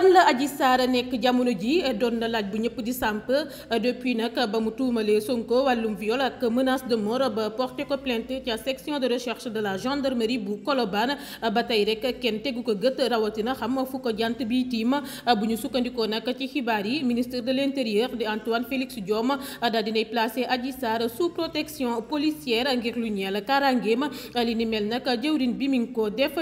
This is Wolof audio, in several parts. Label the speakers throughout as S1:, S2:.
S1: fan la Adji Sarr nekk jamono ji doon na laaj bu ñëpp di samp depuis nag ba mu tuumalee Sonko wàllum viol ak menace de mort ba porté ko plainte ca section de recherche de la gendarmerie bu Colobane ba tey rek kenn tegu ko gët rawatina xam fu ko jant bi tiim bu ñu sukkandikoo nag ci xibaar yi ministre de l'intérieur di Antoine Félix Diome daal dinay placé Adji Sarr sous protection policière ngir lu la kaaraangeem li ni mel nag jëwriñ bi mi ngi ko def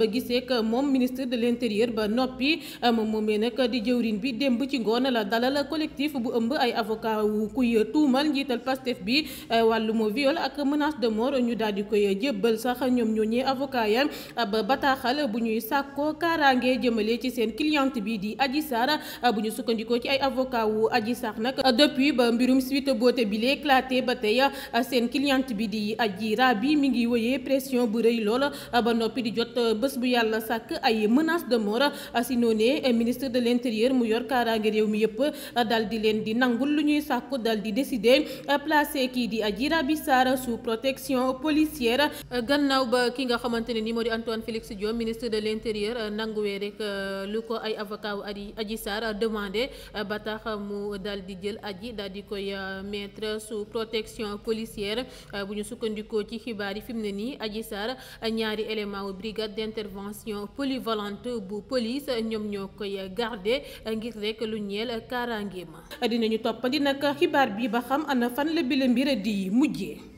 S1: ba gisee ak moom ministre de l'intérieur ba noppi euh, moom moomee nag di jëwriñ bi démb ci ngoon la dalal collectif bu ëmb ay avocat wu kuy tuumal njiital pastef bi euh, wàllum viol ak menace de mort ñu daal di koy jébbal sax ñoom ñoo ñee avocat ya ab bataaxal bu ñuy sàkkoo kaaraange jëmale ci seen cliente bi di aji Sarr euh, bu ñu sukkandikoo ci ay avocat wu Adji sax nag depuis ba mbirum suite boote bi la éclaté ba tey seen cliente bi di Adji Rabi mi ngi wëyee bu rëy lool bés bu yàlla sàkk ay menace de mort ah, si noonee eh, ministre de l' intérieur mu yor réew mi yëpp ah, dal di leen di nangul lu ñuy sàkku dal di décider ah, placé kii di Adji Raby Sarr sous protection policière gannaaw ba ki nga xamante ne ni moo di Antoine Félix Diome ministre de l' intérieur nanguwee rek lu ko ay avocat wu Adji Adji Sarr demandé ba tax mu dal di jël Adji dal di koy mettre sous protection policière bu ñu sukkandikoo ci xibaar yi fi mu nii Adji Sarr ñaari intervention polyvalente bu police ñoom ñoo koy garder ngir rek lu ñeel kaaraange ma dinañu toppandi nag xibaar bi ba xam ana fan la bi la mbir di mujjee